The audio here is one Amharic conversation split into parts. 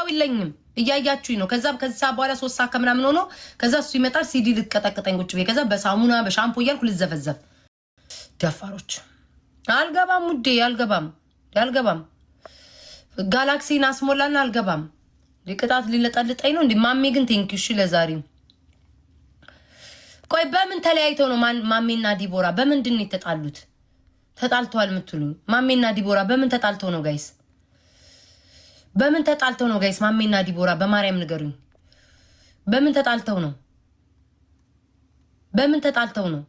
ሰው የለኝም እያያችሁኝ ነው። ከዛ ከዛ በኋላ ሶስት ሰዓት ከምናምን ሆኖ ከዛ እሱ ይመጣል። ሲዲ ልትቀጠቅጠኝ ቁጭ ቤ ከዛ በሳሙና በሻምፖ እያልኩ ልዘፈዘፍ። ደፋሮች አልገባም፣ ውዴ አልገባም፣ አልገባም። ጋላክሲን አስሞላና አልገባም። ቅጣት ሊለጠልጠኝ ነው እንዲ። ማሜ ግን ቴንኪው። እሺ ለዛሬው ቆይ፣ በምን ተለያይተው ነው ማሜና ዲቦራ? በምንድን ነው የተጣሉት? ተጣልተዋል የምትሉኝ ማሜና ዲቦራ በምን ተጣልተው ነው ጋይስ? በምን ተጣልተው ነው ጋይስ? ማሜና ዲቦራ በማርያም ንገሩኝ። በምን ተጣልተው ነው? በምን ተጣልተው ነው?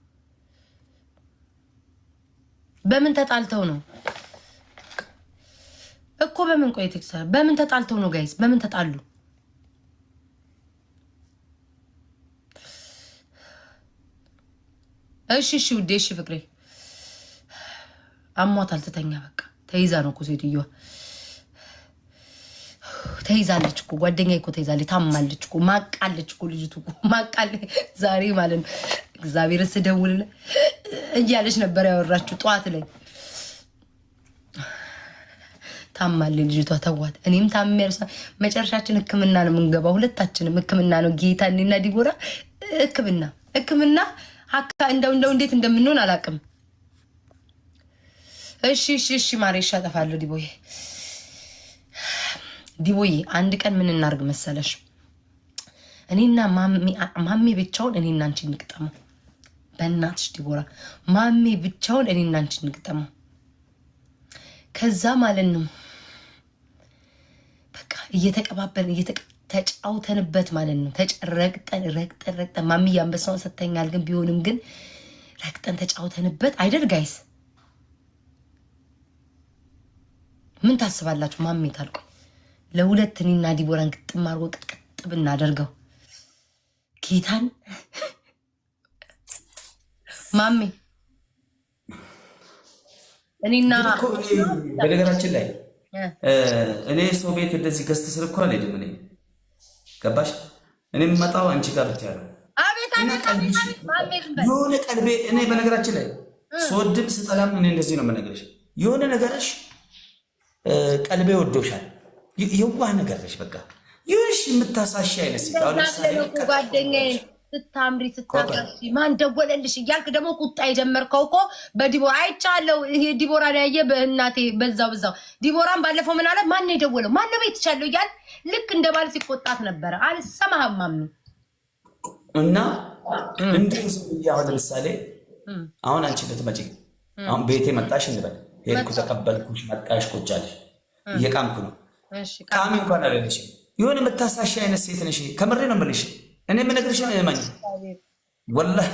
በምን ተጣልተው ነው እኮ በምን ቆይት ቴክሳ በምን ተጣልተው ነው ጋይስ? በምን ተጣሉ? እሺ እሺ ውዴ፣ እሺ ፍቅሬ፣ አሟታል። ትተኛ በቃ። ተይዛ ነው እኮ ሴትዮዋ። ተይዛለች እኮ ጓደኛ እኮ ተይዛለች፣ ታማለች እኮ ማቃለች እኮ ልጅቱ እኮ ዛሬ ማለት ነው። እግዚአብሔር ስደውል እያለች ነበር ያወራችው ጠዋት ላይ ታማል ልጅቷ ተዋት። እኔም ታሜ ያርሷ መጨረሻችን ሕክምና ነው የምንገባው። ሁለታችንም ሕክምና ነው ጌታ እኔና ዲቦራ ሕክምና ሕክምና ሀካ እንደው እንደው እንዴት እንደምንሆን አላውቅም። እሺ እሺ እሺ ማሬ እሺ አጠፋለሁ ዲቦዬ ዲቦዬ አንድ ቀን ምን እናርግ መሰለሽ? እኔና ማሜ ብቻውን እኔና አንቺ እንግጠመው። በእናትሽ ዲቦራ ማሜ ብቻውን እኔና አንቺ እንግጠመው። ከዛ ማለት ነው በቃ እየተቀባበልን ተጫውተንበት ማለት ነው። ተረግጠን ረግጠን ረግጠን ማሚ አንበሳውን ሰተኛል። ግን ቢሆንም ግን ረግጠን ተጫውተንበት አይደል ጋይስ? ምን ታስባላችሁ? ማሜ ታልቆ ለሁለት እኔና ዲቦራን ግጥም አድርጎ ቅጥቅጥ ብናደርገው ጌታን ማሜ እኔና በነገራችን ላይ እኔ ሰው ቤት እንደዚህ ገዝት ስል እኮ አልሄድም። እኔ ገባሽ? እኔ የምመጣው አንቺ ጋር ብቻ ነው። የሆነ ቀልቤ እኔ በነገራችን ላይ ስወድም ስጠላም እኔ እንደዚህ ነው የምነግርሽ። የሆነ ነገርሽ ቀልቤ ወዶሻል የዋ ነገር ነች። በቃ ይሽ የምታሳሽ አይነት ጓደኛዬን ስታምሪ ስታጋሺ ማን ደወለልሽ እያልክ ደግሞ ቁጣ የጀመርከው እኮ በዲቦ አይቻለው። ይሄ ዲቦራ ያየ በእናቴ በዛው በዛው ዲቦራን ባለፈው ምን አለ ማን የደወለው ማን ነው ቤት ቻለው እያል ልክ እንደ ባል ሲቆጣት ነበረ። አልሰማህም ነው እና እንዲሁ አሁን ለምሳሌ አሁን አንቺ ብትመጪ አሁን ቤቴ መጣሽ እንበል ሄድኩ፣ ተቀበልኩሽ፣ መጣሽ፣ ቁጭ እየቃምኩ ነው ቃሚ እንኳን አለለች የሆነ የምታሳሽ አይነት ሴት ነሽ። ከምሬ ነው የምልሽ። እኔ የምነግርሽ ማኝ ወላሂ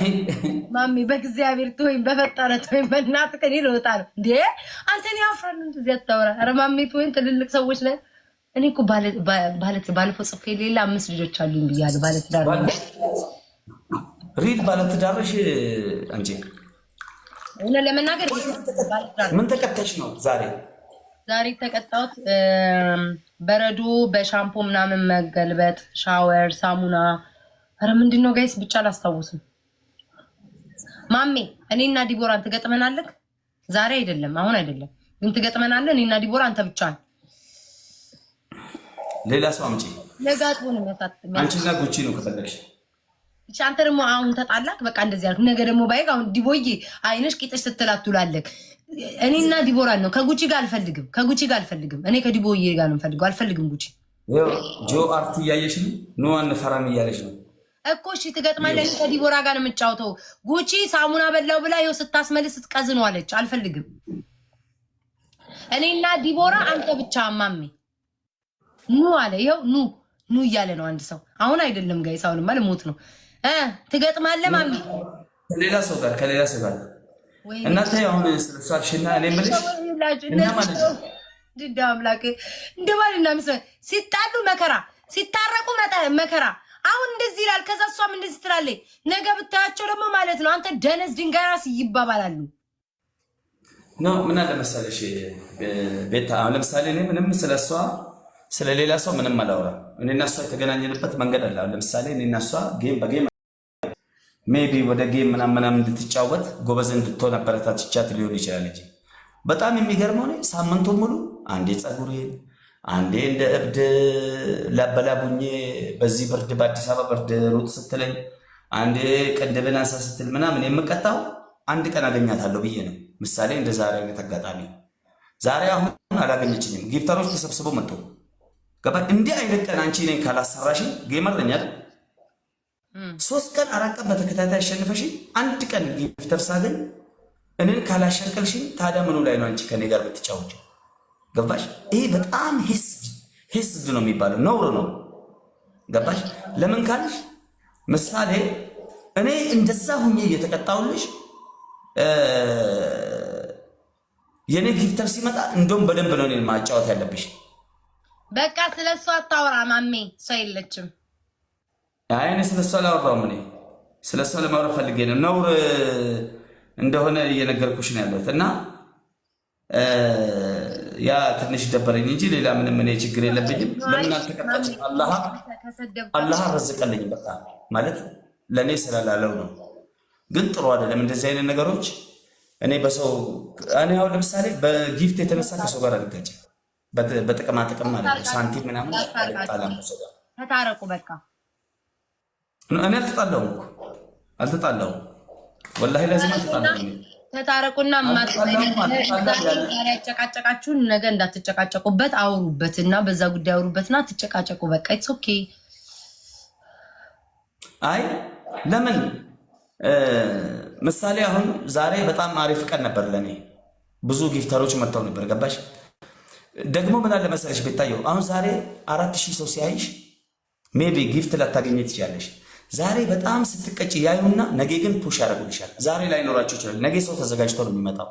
ማሚ በእግዚአብሔር ትወይም በፈጠረ ትወይም በእናት ቀን ይልወጣ ነው እንዴ? አንተን ያፍራል እንደዚህ አታወራ። ኧረ ማሚ ትወኝ ትልልቅ ሰዎች ላይ እኔ እኮ ባለት ባለፈው ጽፌ ሌላ አምስት ልጆች አሉኝ ብያለሁ። ባለትዳር ሪድ ባለትዳርሽ አንቺ እውነት ለመናገር ምን ተከተሽ ነው ዛሬ ዛሬ የተቀጣሁት በረዶ በሻምፖ ምናምን መገልበጥ፣ ሻወር፣ ሳሙና። ኧረ ምንድን ነው ጋይስ? ብቻ አላስታውስም። ማሜ እኔና ዲቦራን ትገጥመናለህ። ዛሬ አይደለም አሁን አይደለም ግን ትገጥመናለህ። እኔና ዲቦራ አንተ ብቻህን። ሌላ ሰው አምጪ። ነጋጥሆን አንቺና ጉቺ ነው ከፈለግሽ ብቻ አንተ ደግሞ አሁን ተጣላክ፣ በቃ እንደዚህ ያልኩ ነገ ደግሞ ባይግ አሁን ዲቦዬ አይነሽ ቂጥሽ ስትላት ትውላለህ እኔና ዲቦራን ነው። ከጉቺ ጋር አልፈልግም። ከጉቺ ጋር አልፈልግም። እኔ ከዲቦዬ ጋር ነው የምፈልገው። አልፈልግም ጉቺ ጆ አርቱ እያየች ነው። ኖ አንፈራም እያለች ነው እኮ እሺ፣ ትገጥማለህ። ከዲቦራ ጋር ነው የምጫወተው። ጉቺ ሳሙና በላው ብላ ይኸው ስታስመልስ ስትቀዝ ነው አለች። አልፈልግም። እኔና ዲቦራ አንተ ብቻ አማሜ ኑ አለ። ይኸው ኑ ኑ እያለ ነው አንድ ሰው። አሁን አይደለም ጋይስ፣ አሁንማ ልሞት ነው። ትገጥማለህ ማሜ ከሌላ ሰው ጋር ከሌላ ሰው ጋር እናንተ አሁን ስለሳሽና እኔ ምልሽ አምላክ እንደ ባልና ሚስት ሲጣሉ መከራ፣ ሲታረቁ መከራ። አሁን እንደዚህ ይላል፣ ከዛ እሷም እንደዚህ ትላለች። ነገ ብታያቸው ደግሞ ማለት ነው አንተ ደነስ ድንጋይ ራስ ይባባላሉ። ኖ ምን አለ መሰለሽ ቤታ፣ አሁን ለምሳሌ እኔ ምንም ስለሷ ስለሌላ ሰው ምንም አላወራም። እኔና እሷ የተገናኘንበት መንገድ አለ። አሁን ለምሳሌ እኔና እሷ ጌም በጌም ሜቢ ወደ ጌም ምናምናም እንድትጫወት ጎበዝ እንድትሆን አበረታትቻት ሊሆን ይችላል እንጂ በጣም የሚገርመው እኔ ሳምንቱን ሙሉ አንዴ ጸጉሬን አንዴ እንደ እብድ ላበላቡኜ በዚህ ብርድ በአዲስ አበባ ብርድ ሩጥ ስትለኝ አንዴ ቅንድብን አንሳ ስትል ምናምን የምቀጣው አንድ ቀን አገኛታለሁ ብዬ ነው። ምሳሌ እንደ ዛሬ አይነት አጋጣሚ ዛሬ አሁን አላገኘችኝም። ጊፍተሮች ተሰብስበው መጡ እንዲህ አይነት ቀን አንቺ እኔን ካላሰራሽ ጌመር ነኝ አይደል ሶስት ቀን አራት ቀን በተከታታይ አሸንፈሽ አንድ ቀን ጊፍተር ሳገኝ እኔን ካላሸንቀልሽ ታዲያ ምኑ ላይ ነው አንቺ ከኔ ጋር ብትጫወች? ገባሽ? ይሄ በጣም ሂስድ ነው የሚባለው ነውር ነው። ገባሽ? ለምን ካልሽ ምሳሌ እኔ እንደዛ ሁኜ እየተቀጣሁልሽ የኔ ጊፍተር ሲመጣ እንደውም በደንብ ነው እኔን ማጫወት ያለብሽ። በቃ ስለ እሱ ማሜ፣ እሷ የለችም። አይን ስለሰለ አላወራሁም። እኔ ስለሷ ለማውራት ፈልጌ ነው። ነውር እንደሆነ እየነገርኩሽ ነው ያለሁት እና ያ ትንሽ ደበረኝ እንጂ ሌላ ምንም እኔ ችግር የለብኝም። ለምን አልተቀጣች? አላህ አላህ ረዝቀልኝ በቃ ማለት ለእኔ ስላላለው ነው። ግን ጥሩ አይደለም እንደዚህ አይነት ነገሮች። እኔ በሰው እኔ አሁን ለምሳሌ በጊፍት የተነሳ ከሰው ጋር አልጋጭም። በጥቅማ ጥቅም ማለት ነው ሳንቲም ምናምን አልጣላም። ተታረቁ በቃ እኔ አልተጣላሁም እኮ አልተጣላሁም፣ ወላሂ ለዚህ አልተጣላሁም። ተታረቁና ያጨቃጨቃችሁን ነገ እንዳትጨቃጨቁበት አውሩበት እና በዛ ጉዳይ አውሩበትና ትጨቃጨቁ። በቃ ኢትስ ኦኬ። አይ ለምን ምሳሌ አሁን ዛሬ በጣም አሪፍ ቀን ነበር ለእኔ። ብዙ ጊፍተሮች መጥተው ነበር። ገባሽ ደግሞ ምን አለ መሰለሽ ቤታየው፣ አሁን ዛሬ አራት ሺህ ሰው ሲያይሽ ሜቢ ጊፍት ላታገኘ ትችያለሽ። ዛሬ በጣም ስትቀጭ ያዩና ነገ ግን ፑሽ ያደርጉልሻል። ዛሬ ላይኖራቸው ይችላል። ነገ ሰው ተዘጋጅቶ ነው የሚመጣው።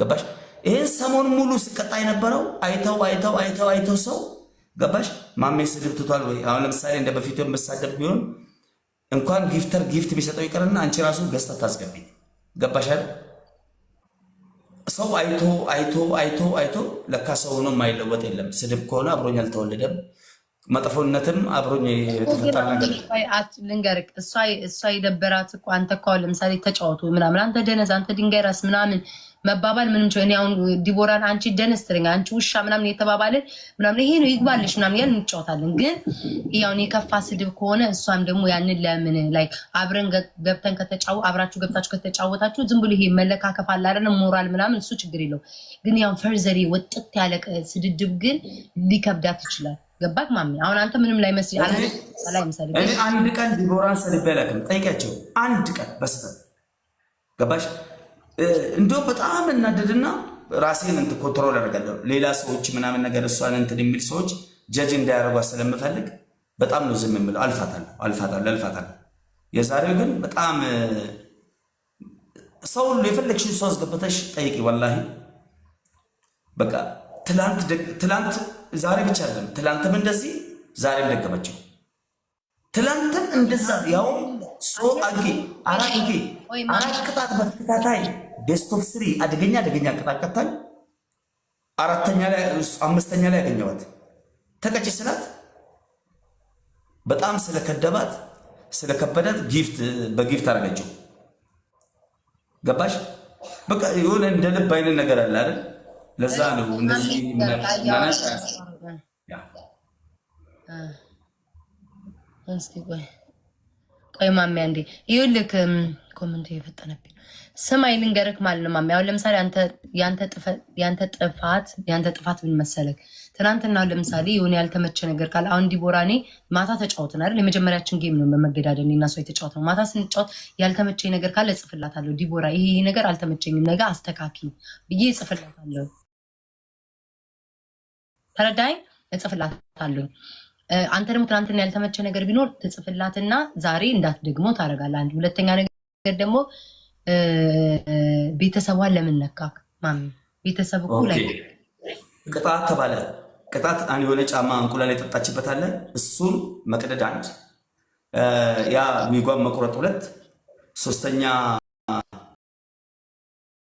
ገባሽ? ይህን ሰሞን ሙሉ ስቀጣ የነበረው አይተው አይተው አይተው አይተው ሰው ገባሽ? ማሜ ስድብ ትቷል ወይ? አሁን ለምሳሌ እንደ በፊቱ የምሳደብ ቢሆን እንኳን ጊፍተር ጊፍት ቢሰጠው ይቀርና አንቺ ራሱ ገዝታ ታስገቢ። ገባሽ አይደል? ሰው አይቶ አይቶ አይቶ አይቶ ለካ ሰው ሆኖ የማይለወጥ የለም። ስድብ ከሆነ አብሮኝ አልተወለደም መጥፎነትም አብሮኝ የተፈጠረ ልንገርህ። እሷ የደበራት እኮ አንተ እኮ አሁን ለምሳሌ ተጫወቱ ምናምን አንተ ደነዝ፣ አንተ ድንጋይ ራስ ምናምን መባባል ምንም ቸ አሁን ዲቦራን አንቺ ደነዝ ትለኛ አንቺ ውሻ ምናምን የተባባልን ምናምን ይሄ ነው ይግባልሽ ምናምን ያን እንጫወታለን። ግን ያውን የከፋ ስድብ ከሆነ እሷም ደግሞ ያንን ለምን ላይ አብረን ገብተን ከተጫወ አብራችሁ ገብታችሁ ከተጫወታችሁ ዝም ብሎ ይሄ መለካከፍ አለ ሞራል ምናምን እሱ ችግር የለው። ግን ያው ፈርዘሪ ወጥት ያለ ስድድብ ግን ሊከብዳት ይችላል። ገባክ ማሚ? አሁን አንተ ምንም ላይ መስል እኔ አንድ ቀን ዲቦራን ሰድቤ አላውቅም። ጠይቂያቸው አንድ ቀን በስተት ገባሽ? እንደው በጣም እናደድና ራሴን እንትን ኮንትሮል አደርጋለሁ። ሌላ ሰዎች ምናምን ነገር እሷን እንትን የሚል ሰዎች ጀጅ እንዳያደርጓት ስለምፈልግ በጣም ነው ዝም የምለው። አልፋታለሁ፣ አልፋታለሁ፣ አልፋታለሁ። የዛሬው ግን በጣም ሰው ሁሉ የፈለግሽን ሰው አስገብተሽ ጠይቂ። ወላሂ በቃ ትላንት ዛሬ ብቻ አይደለም፣ ትላንትም እንደዚህ ዛሬም ደገመችው። ትላንትም እንደዛ ያው ሶ አጌ አራት ጌ አራት ቅጣት በተከታታይ ቤስቶፍ ስሪ አደገኛ አደገኛ ቅጣት ቀጣይ አራተኛ ላይ አምስተኛ ላይ ያገኘዋት ተቀጭ ስላት በጣም ስለከደባት ስለከበዳት ጊፍት በጊፍት አረገችው። ገባሽ? በቃ የሆነ እንደ ልብ አይነት ነገር አለ አይደል? ለዛ ነው እንደዚህ ምናናት ቆይ ቆይ ማሜ አንዴ ይኸውልህ፣ ኮመንት እየፈጠነብኝ ስማኝ ልንገርህ ማለት ነው ማሜ። አሁን ለምሳሌ ያንተ ጥፋት ያንተ ጥፋት ምን መሰለህ፣ ትናንትና ለምሳሌ የሆነ ያልተመቸ ነገር ካለ አሁን ዲቦራ እኔ ማታ ተጫወትን አይደል? የመጀመሪያችን ጌም ነው በመገዳደል እና እሷ የተጫወት ነው። ማታ ስንጫወት ያልተመቸኝ ነገር ካለ እጽፍላታለሁ፣ ዲቦራ ይሄ ነገር አልተመቸኝም፣ ነገ አስተካኪ ብዬ እጽፍላታለሁ። ተረዳይ እጽፍላታለሁ። አንተ ደግሞ ትናንትና ያልተመቸ ነገር ቢኖር ትጽፍላትና ዛሬ እንዳት ደግሞ ታደርጋለህ። አንድ ሁለተኛ ነገር ደግሞ ቤተሰቧን ለምን ነካ? ቤተሰብ እኮ ላይ ቅጣት ተባለ። ቅጣት አንድ የሆነ ጫማ እንቁላል የጠጣችበት አለ። እሱን መቅደድ አንድ፣ ያ ሚጓም መቁረጥ ሁለት፣ ሶስተኛ